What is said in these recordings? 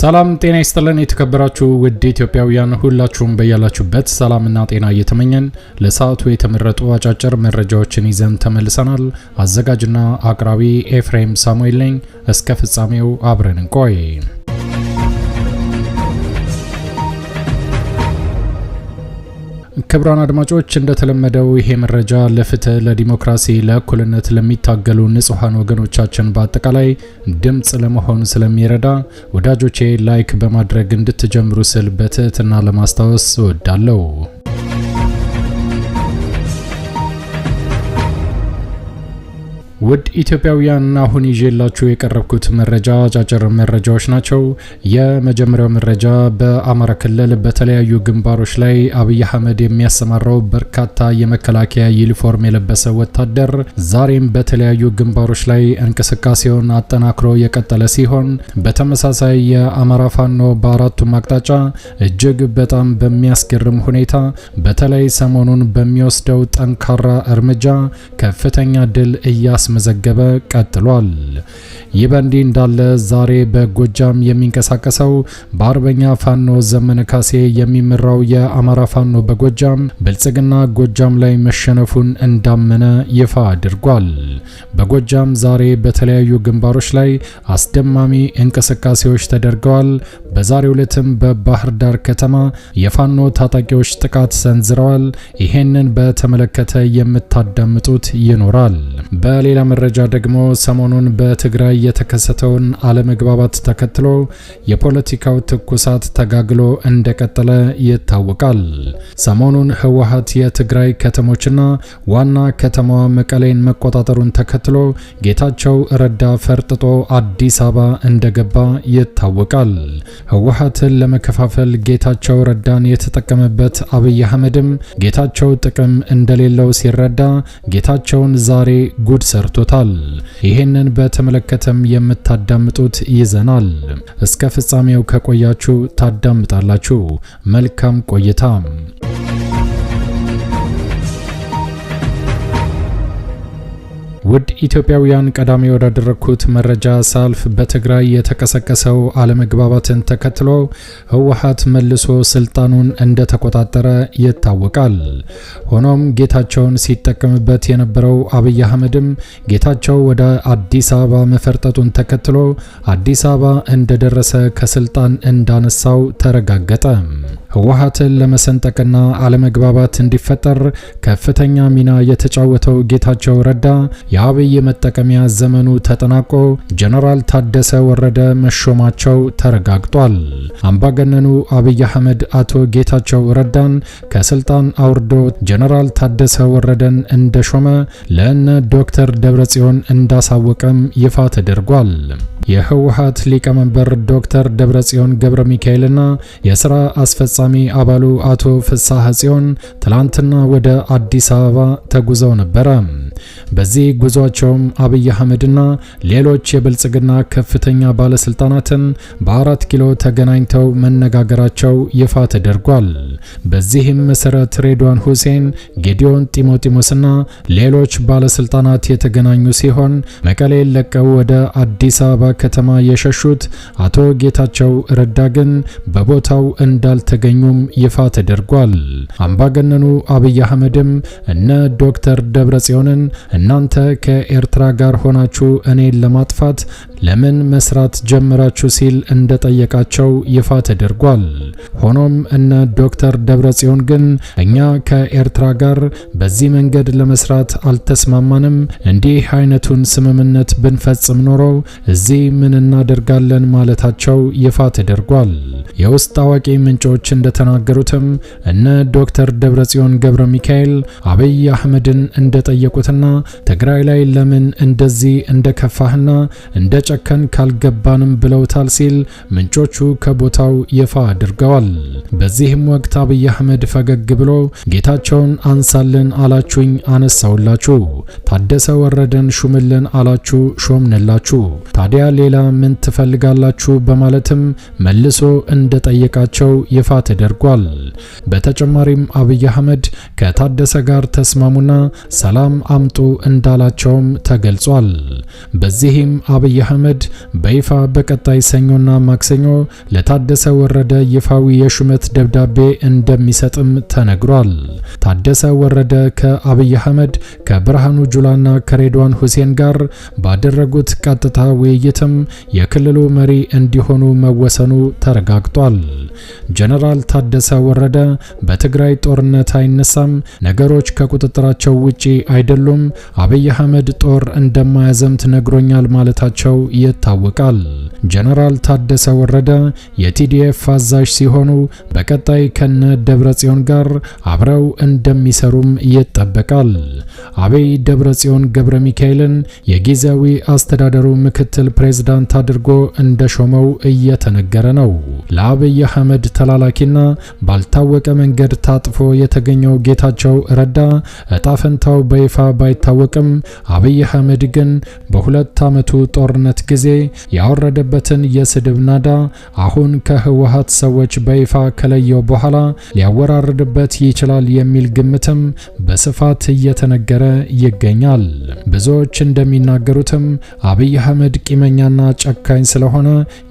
ሰላም ጤና ይስጥልን። የተከበራችሁ ውድ ኢትዮጵያውያን ሁላችሁም በያላችሁበት ሰላምና ጤና እየተመኘን ለሰዓቱ የተመረጡ አጫጭር መረጃዎችን ይዘን ተመልሰናል። አዘጋጅና አቅራቢ ኤፍሬም ሳሙኤል ነኝ። እስከ ፍጻሜው አብረን እንቆይ። ክቡራን አድማጮች እንደተለመደው ይሄ መረጃ ለፍትህ፣ ለዲሞክራሲ፣ ለእኩልነት ለሚታገሉ ንጹሐን ወገኖቻችን በአጠቃላይ ድምፅ ለመሆን ስለሚረዳ ወዳጆቼ ላይክ በማድረግ እንድትጀምሩ ስል በትህትና ለማስታወስ እወዳለሁ። ውድ ኢትዮጵያውያን አሁን ይዤላችሁ የቀረብኩት መረጃ አጫጭር መረጃዎች ናቸው። የመጀመሪያው መረጃ በአማራ ክልል በተለያዩ ግንባሮች ላይ አብይ አህመድ የሚያሰማራው በርካታ የመከላከያ ዩኒፎርም የለበሰ ወታደር ዛሬም በተለያዩ ግንባሮች ላይ እንቅስቃሴውን አጠናክሮ የቀጠለ ሲሆን በተመሳሳይ የአማራ ፋኖ በአራቱም አቅጣጫ እጅግ በጣም በሚያስገርም ሁኔታ በተለይ ሰሞኑን በሚወስደው ጠንካራ እርምጃ ከፍተኛ ድል እያስ እያስመዘገበ ቀጥሏል። ይህ በእንዲህ እንዳለ ዛሬ በጎጃም የሚንቀሳቀሰው በአርበኛ ፋኖ ዘመነ ካሴ የሚመራው የአማራ ፋኖ በጎጃም ብልጽግና ጎጃም ላይ መሸነፉን እንዳመነ ይፋ አድርጓል። በጎጃም ዛሬ በተለያዩ ግንባሮች ላይ አስደማሚ እንቅስቃሴዎች ተደርገዋል። በዛሬ ዕለትም በባህር ዳር ከተማ የፋኖ ታጣቂዎች ጥቃት ሰንዝረዋል። ይሄንን በተመለከተ የምታዳምጡት ይኖራል። በሌላ መረጃ ደግሞ ሰሞኑን በትግራይ የተከሰተውን አለመግባባት ተከትሎ የፖለቲካው ትኩሳት ተጋግሎ እንደቀጠለ ይታወቃል። ሰሞኑን ህወሓት የትግራይ ከተሞችና ዋና ከተማዋ መቀሌን መቆጣጠሩን ተከትሎ ጌታቸው ረዳ ፈርጥጦ አዲስ አበባ እንደገባ ይታወቃል። ህወሓትን ለመከፋፈል ጌታቸው ረዳን የተጠቀመበት አብይ አህመድም ጌታቸው ጥቅም እንደሌለው ሲረዳ ጌታቸውን ዛሬ ጉድ ሰርቶታል። ይህንን በተመለከተም የምታዳምጡት ይዘናል። እስከ ፍጻሜው ከቆያችሁ ታዳምጣላችሁ። መልካም ቆይታ ውድ ኢትዮጵያውያን ቀዳሚ ወዳደረግኩት መረጃ ሳልፍ በትግራይ የተቀሰቀሰው አለመግባባትን ተከትሎ ህወሀት መልሶ ስልጣኑን እንደተቆጣጠረ ይታወቃል። ሆኖም ጌታቸውን ሲጠቀምበት የነበረው አብይ አህመድም ጌታቸው ወደ አዲስ አበባ መፈርጠጡን ተከትሎ አዲስ አበባ እንደደረሰ ከስልጣን እንዳነሳው ተረጋገጠ። ህወሀትን ለመሰንጠቅና አለመግባባት እንዲፈጠር ከፍተኛ ሚና የተጫወተው ጌታቸው ረዳ የአብይ መጠቀሚያ ዘመኑ ተጠናቆ ጀነራል ታደሰ ወረደ መሾማቸው ተረጋግጧል። አምባገነኑ አብይ አህመድ አቶ ጌታቸው ረዳን ከስልጣን አውርዶ ጀነራል ታደሰ ወረደን እንደሾመ ለእነ ዶክተር ደብረጽዮን እንዳሳወቀም ይፋ ተደርጓል። የህወሀት ሊቀመንበር ዶክተር ደብረጽዮን ገብረ ሚካኤልና የስራ አስፈጻሚ አባሉ አቶ ፍሳሐ ጽዮን ትላንትና ወደ አዲስ አበባ ተጉዘው ነበረ። በዚህ ጉዟቸውም አብይ አህመድና ሌሎች የብልጽግና ከፍተኛ ባለስልጣናትን በአራት ኪሎ ተገናኝተው መነጋገራቸው ይፋ ተደርጓል። በዚህም መሰረት ሬድዋን ሁሴን፣ ጌዲዮን ጢሞቲሞስና ሌሎች ባለስልጣናት የተገናኙ ሲሆን መቀሌን ለቀው ወደ አዲስ አበባ ከተማ የሸሹት አቶ ጌታቸው ረዳ ግን በቦታው እንዳልተገኙም ይፋ ተደርጓል። አምባገነኑ አብይ አህመድም እነ ዶክተር ደብረጽዮንን እናንተ ከኤርትራ ጋር ሆናችሁ እኔን ለማጥፋት ለምን መስራት ጀመራችሁ ሲል እንደጠየቃቸው ይፋ ተደርጓል። ሆኖም እነ ዶክተር ደብረጽዮን ግን እኛ ከኤርትራ ጋር በዚህ መንገድ ለመስራት አልተስማማንም፣ እንዲህ አይነቱን ስምምነት ብንፈጽም ኖሮ እዚህ ምን እናደርጋለን ማለታቸው ይፋ ተደርጓል። የውስጥ አዋቂ ምንጮች እንደተናገሩትም እነ ዶክተር ደብረጽዮን ገብረ ሚካኤል አብይ አህመድን እንደጠየቁትና ትግራይ ላይ ለምን እንደዚህ እንደከፋህና እንደ እየጨከን ካልገባንም ብለውታል ሲል ምንጮቹ ከቦታው ይፋ አድርገዋል። በዚህም ወቅት አብይ አህመድ ፈገግ ብሎ ጌታቸውን አንሳልን አላችሁኝ፣ አነሳውላችሁ። ታደሰ ወረደን ሹምልን አላችሁ፣ ሾምንላችሁ። ታዲያ ሌላ ምን ትፈልጋላችሁ? በማለትም መልሶ እንደጠየቃቸው ይፋ ተደርጓል። በተጨማሪም አብይ አህመድ ከታደሰ ጋር ተስማሙና ሰላም አምጡ እንዳላቸውም ተገልጿል። በዚህም አብይ አህመድ በይፋ በቀጣይ ሰኞና ማክሰኞ ለታደሰ ወረደ ይፋዊ የሹመት ደብዳቤ እንደሚሰጥም ተነግሯል። ታደሰ ወረደ ከአብይ አህመድ ከብርሃኑ ጁላና ከሬድዋን ሁሴን ጋር ባደረጉት ቀጥታ ውይይትም የክልሉ መሪ እንዲሆኑ መወሰኑ ተረጋግጧል። ጀነራል ታደሰ ወረደ በትግራይ ጦርነት አይነሳም፣ ነገሮች ከቁጥጥራቸው ውጪ አይደሉም፣ አብይ አህመድ ጦር እንደማያዘምት ነግሮኛል ማለታቸው ይታወቃል። ጀነራል ታደሰ ወረደ የቲዲኤፍ አዛዥ ሲሆኑ በቀጣይ ከነ ደብረጽዮን ጋር አብረው እንደሚሰሩም ይጠበቃል። ደብረ ደብረጽዮን ገብረ ሚካኤልን የጊዜያዊ አስተዳደሩ ምክትል ፕሬዝዳንት አድርጎ እንደሾመው እየተነገረ ነው። ለአብይ አህመድ ተላላኪና ባልታወቀ መንገድ ታጥፎ የተገኘው ጌታቸው ረዳ እጣፈንታው በይፋ ባይታወቅም አብይ አህመድ ግን በሁለት ዓመቱ ጦርነት በጦርነት ጊዜ ያወረደበትን የስድብ ናዳ አሁን ከህወሓት ሰዎች በይፋ ከለየው በኋላ ሊያወራርድበት ይችላል የሚል ግምትም በስፋት እየተነገረ ይገኛል። ብዙዎች እንደሚናገሩትም አብይ አህመድ ቂመኛና ጨካኝ ስለሆነ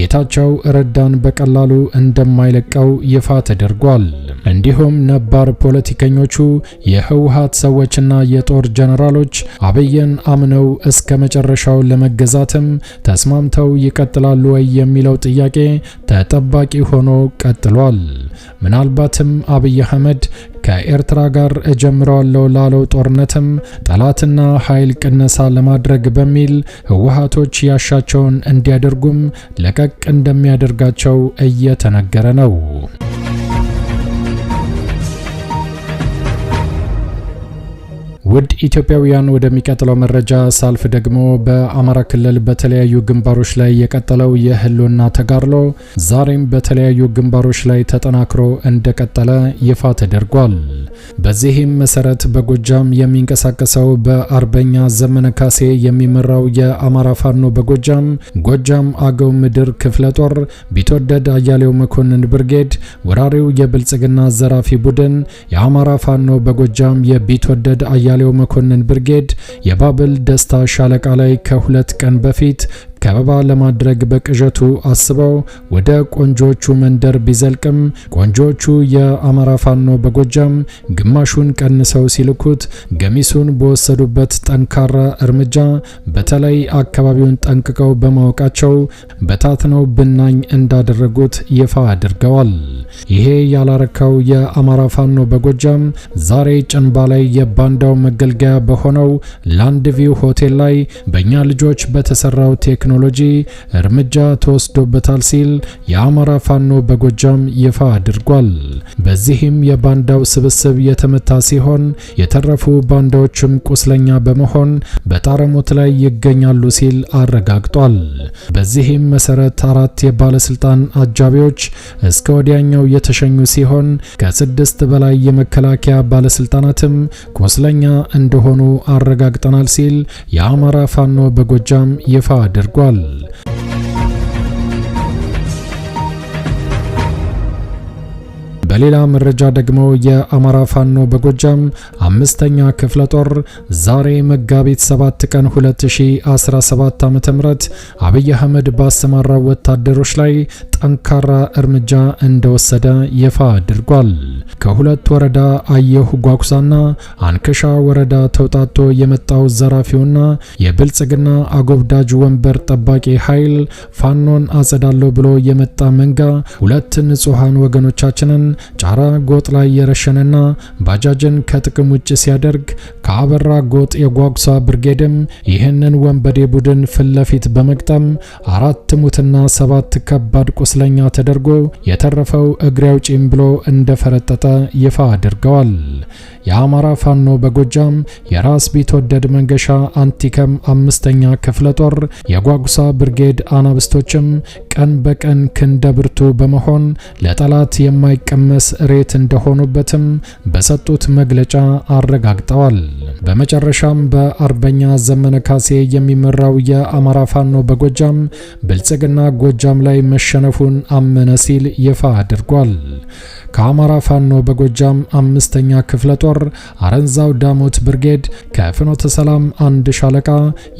ጌታቸው ረዳን በቀላሉ እንደማይለቀው ይፋ ተደርጓል። እንዲሁም ነባር ፖለቲከኞቹ የህወሓት ሰዎችና የጦር ጀነራሎች አብይን አምነው እስከ መጨረሻው ለመገዛትም ተስማምተው ይቀጥላሉ ወይ የሚለው ጥያቄ ተጠባቂ ሆኖ ቀጥሏል። ምናልባትም አብይ አህመድ ከኤርትራ ጋር እጀምረዋለሁ ላለው ጦርነትም ጠላትና ኃይል ቅነሳ ለማድረግ በሚል ህወሓቶች ያሻቸውን እንዲያደርጉም ለቀቅ እንደሚያደርጋቸው እየተነገረ ነው። ውድ ኢትዮጵያውያን ወደሚቀጥለው መረጃ ሳልፍ ደግሞ በአማራ ክልል በተለያዩ ግንባሮች ላይ የቀጠለው የህልውና ተጋድሎ ዛሬም በተለያዩ ግንባሮች ላይ ተጠናክሮ እንደቀጠለ ይፋ ተደርጓል። በዚህም መሰረት በጎጃም የሚንቀሳቀሰው በአርበኛ ዘመነ ካሴ የሚመራው የአማራ ፋኖ በጎጃም ጎጃም አገው ምድር ክፍለ ጦር ቢትወደድ አያሌው መኮንን ብርጌድ ወራሪው የብልጽግና ዘራፊ ቡድን የአማራ ፋኖ በጎጃም የቢትወደድ አያሌው አለማየሁ መኮንን ብርጌድ የባብል ደስታ ሻለቃ ላይ ከሁለት ቀን በፊት ከበባ ለማድረግ በቅዠቱ አስበው ወደ ቆንጆቹ መንደር ቢዘልቅም ቆንጆቹ የአማራ ፋኖ በጎጃም ግማሹን ቀንሰው ሲልኩት ገሚሱን በወሰዱበት ጠንካራ እርምጃ በተለይ አካባቢውን ጠንቅቀው በማወቃቸው በታትነው ብናኝ እንዳደረጉት ይፋ አድርገዋል። ይሄ ያላረካው የአማራ ፋኖ በጎጃም ዛሬ ጭንባ ላይ የባንዳው መገልገያ በሆነው ላንድ ቪው ሆቴል ላይ በእኛ ልጆች በተሰራው ቴክኖሎጂ እርምጃ ተወስዶበታል ሲል የአማራ ፋኖ በጎጃም ይፋ አድርጓል። በዚህም የባንዳው ስብስብ የተመታ ሲሆን የተረፉ ባንዳዎችም ቁስለኛ በመሆን በጣረሞት ላይ ይገኛሉ ሲል አረጋግጧል። በዚህም መሰረት አራት የባለስልጣን አጃቢዎች እስከ ወዲያኛው የተሸኙ ሲሆን ከስድስት በላይ የመከላከያ ባለስልጣናትም ቁስለኛ እንደሆኑ አረጋግጠናል ሲል የአማራ ፋኖ በጎጃም ይፋ አድርጓል። በሌላ መረጃ ደግሞ የአማራ ፋኖ በጎጃም አምስተኛ ክፍለ ጦር ዛሬ መጋቢት 7 ቀን 2017 ዓ.ም አብይ አህመድ ባሰማራው ወታደሮች ላይ ጠንካራ እርምጃ እንደወሰደ ይፋ አድርጓል። ከሁለት ወረዳ አየሁ ጓጉሳና አንከሻ ወረዳ ተውጣቶ የመጣው ዘራፊውና የብልጽግና አጎብዳጅ ወንበር ጠባቂ ኃይል ፋኖን አጸዳለሁ ብሎ የመጣ መንጋ ሁለት ንጹሐን ወገኖቻችንን ጫራ ጎጥ ላይ የረሸነና ባጃጅን ከጥቅም ውጭ ሲያደርግ ከአበራ ጎጥ የጓጉሳ ብርጌድም ይህንን ወንበዴ ቡድን ፊት ለፊት በመግጠም አራት ሙትና ሰባት ከባድ ቁስለኛ ተደርጎ የተረፈው እግሬ አውጪኝ ብሎ እንደፈረጠጠ ይፋ አድርገዋል። የአማራ ፋኖ በጎጃም የራስ ቢትወደድ መንገሻ አንቲከም አምስተኛ ክፍለ ጦር የጓጉሳ ብርጌድ አናብስቶችም ቀን በቀን ክንደ ብርቱ በመሆን ለጠላት የማይቀመ ሬት እንደሆኑበትም በሰጡት መግለጫ አረጋግጠዋል። በመጨረሻም በአርበኛ ዘመነ ካሴ የሚመራው የአማራ ፋኖ በጎጃም ብልጽግና ጎጃም ላይ መሸነፉን አመነ ሲል ይፋ አድርጓል። ከአማራ ፋኖ በጎጃም አምስተኛ ክፍለ ጦር አረንዛው ዳሞት ብርጌድ ከፍኖተ ሰላም አንድ ሻለቃ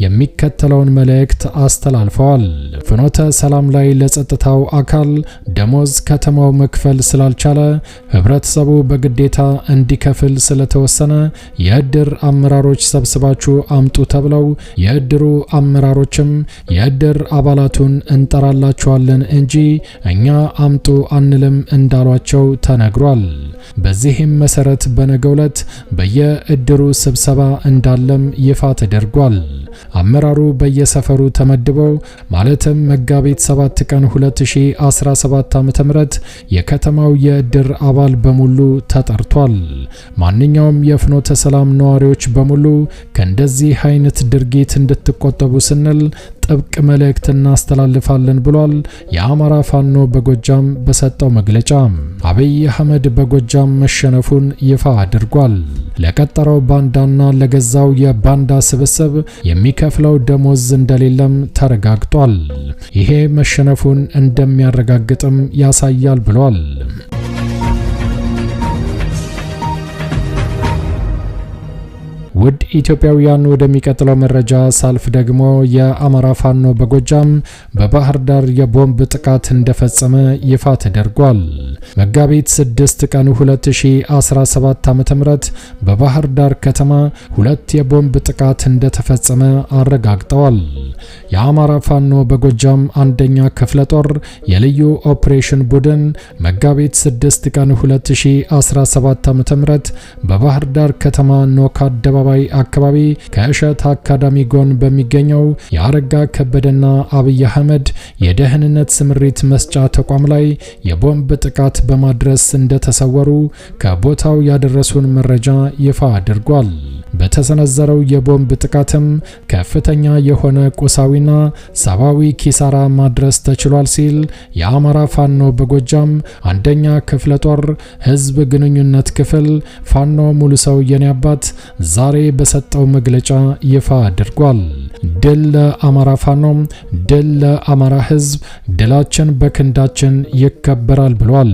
የሚከተለውን መልእክት አስተላልፈዋል። ፍኖተ ሰላም ላይ ለጸጥታው አካል ደሞዝ ከተማው መክፈል ስላልቻለ ህብረተሰቡ በግዴታ እንዲከፍል ስለተወሰነ የእድር አመራሮች ሰብስባችሁ አምጡ ተብለው የእድሩ አመራሮችም የእድር አባላቱን እንጠራላችኋለን እንጂ እኛ አምጡ አንልም እንዳሏቸው ተነግሯል። በዚህም መሰረት በነገው ዕለት በየእድሩ ስብሰባ እንዳለም ይፋ ተደርጓል። አመራሩ በየሰፈሩ ተመድበው ማለትም መጋቢት 7 ቀን 2017 ዓ.ም የከተማው የእድር አባል በሙሉ ተጠርቷል። ማንኛውም የፍኖተ ሰላም ነዋሪዎች በሙሉ ከእንደዚህ አይነት ድርጊት እንድትቆጠቡ ስንል ጥብቅ መልእክት እናስተላልፋለን ብሏል። የአማራ ፋኖ በጎጃም በሰጠው መግለጫ አብይ አህመድ በጎጃም መሸነፉን ይፋ አድርጓል። ለቀጠረው ባንዳና ለገዛው የባንዳ ስብስብ የሚከፍለው ደሞዝ እንደሌለም ተረጋግጧል። ይሄ መሸነፉን እንደሚያረጋግጥም ያሳያል ብሏል። ውድ ኢትዮጵያውያን ወደሚቀጥለው መረጃ ሳልፍ ደግሞ የአማራ ፋኖ በጎጃም በባህር ዳር የቦምብ ጥቃት እንደፈጸመ ይፋ ተደርጓል። መጋቢት 6 ቀን 2017 ም በባህር ዳር ከተማ ሁለት የቦምብ ጥቃት እንደተፈጸመ አረጋግጠዋል። የአማራ ፋኖ በጎጃም አንደኛ ክፍለ ጦር የልዩ ኦፕሬሽን ቡድን መጋቢት 6 ቀን 2017 ም በባህር ዳር ከተማ ኖካ አደባባይ አካባቢ ከእሸት አካዳሚ ጎን በሚገኘው የአረጋ ከበደና አብይ አህመድ የደህንነት ስምሪት መስጫ ተቋም ላይ የቦምብ ጥቃት በማድረስ እንደተሰወሩ ከቦታው ያደረሱን መረጃ ይፋ አድርጓል። በተሰነዘረው የቦምብ ጥቃትም ከፍተኛ የሆነ ቁሳዊና ሰብአዊ ኪሳራ ማድረስ ተችሏል ሲል የአማራ ፋኖ በጎጃም አንደኛ ክፍለ ጦር ህዝብ ግንኙነት ክፍል ፋኖ ሙሉ ሰው የኔ አባት ዛሬ ዛሬ በሰጠው መግለጫ ይፋ አድርጓል። ድል ለአማራ ፋኖም፣ ድል ለአማራ ህዝብ ድላችን በክንዳችን ይከበራል ብሏል።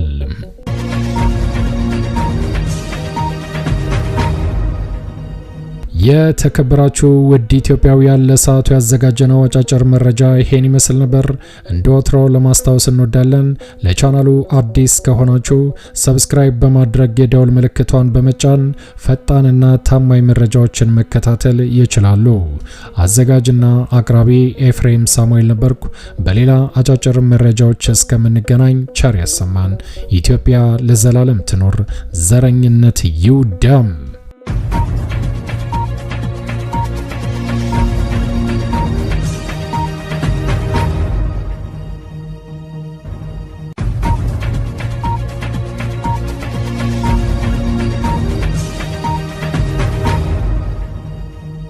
የተከበራችሁ ውድ ኢትዮጵያውያን ለሰዓቱ ያዘጋጀነው አጫጭር መረጃ ይሄን ይመስል ነበር። እንደ ወትሮ ለማስታወስ እንወዳለን። ለቻናሉ አዲስ ከሆናችሁ ሰብስክራይብ በማድረግ የደውል ምልክቷን በመጫን ፈጣንና ታማኝ መረጃዎችን መከታተል ይችላሉ። አዘጋጅና አቅራቢ ኤፍሬም ሳሙኤል ነበርኩ። በሌላ አጫጭር መረጃዎች እስከምንገናኝ ቸር ያሰማን። ኢትዮጵያ ለዘላለም ትኖር። ዘረኝነት ይውደም።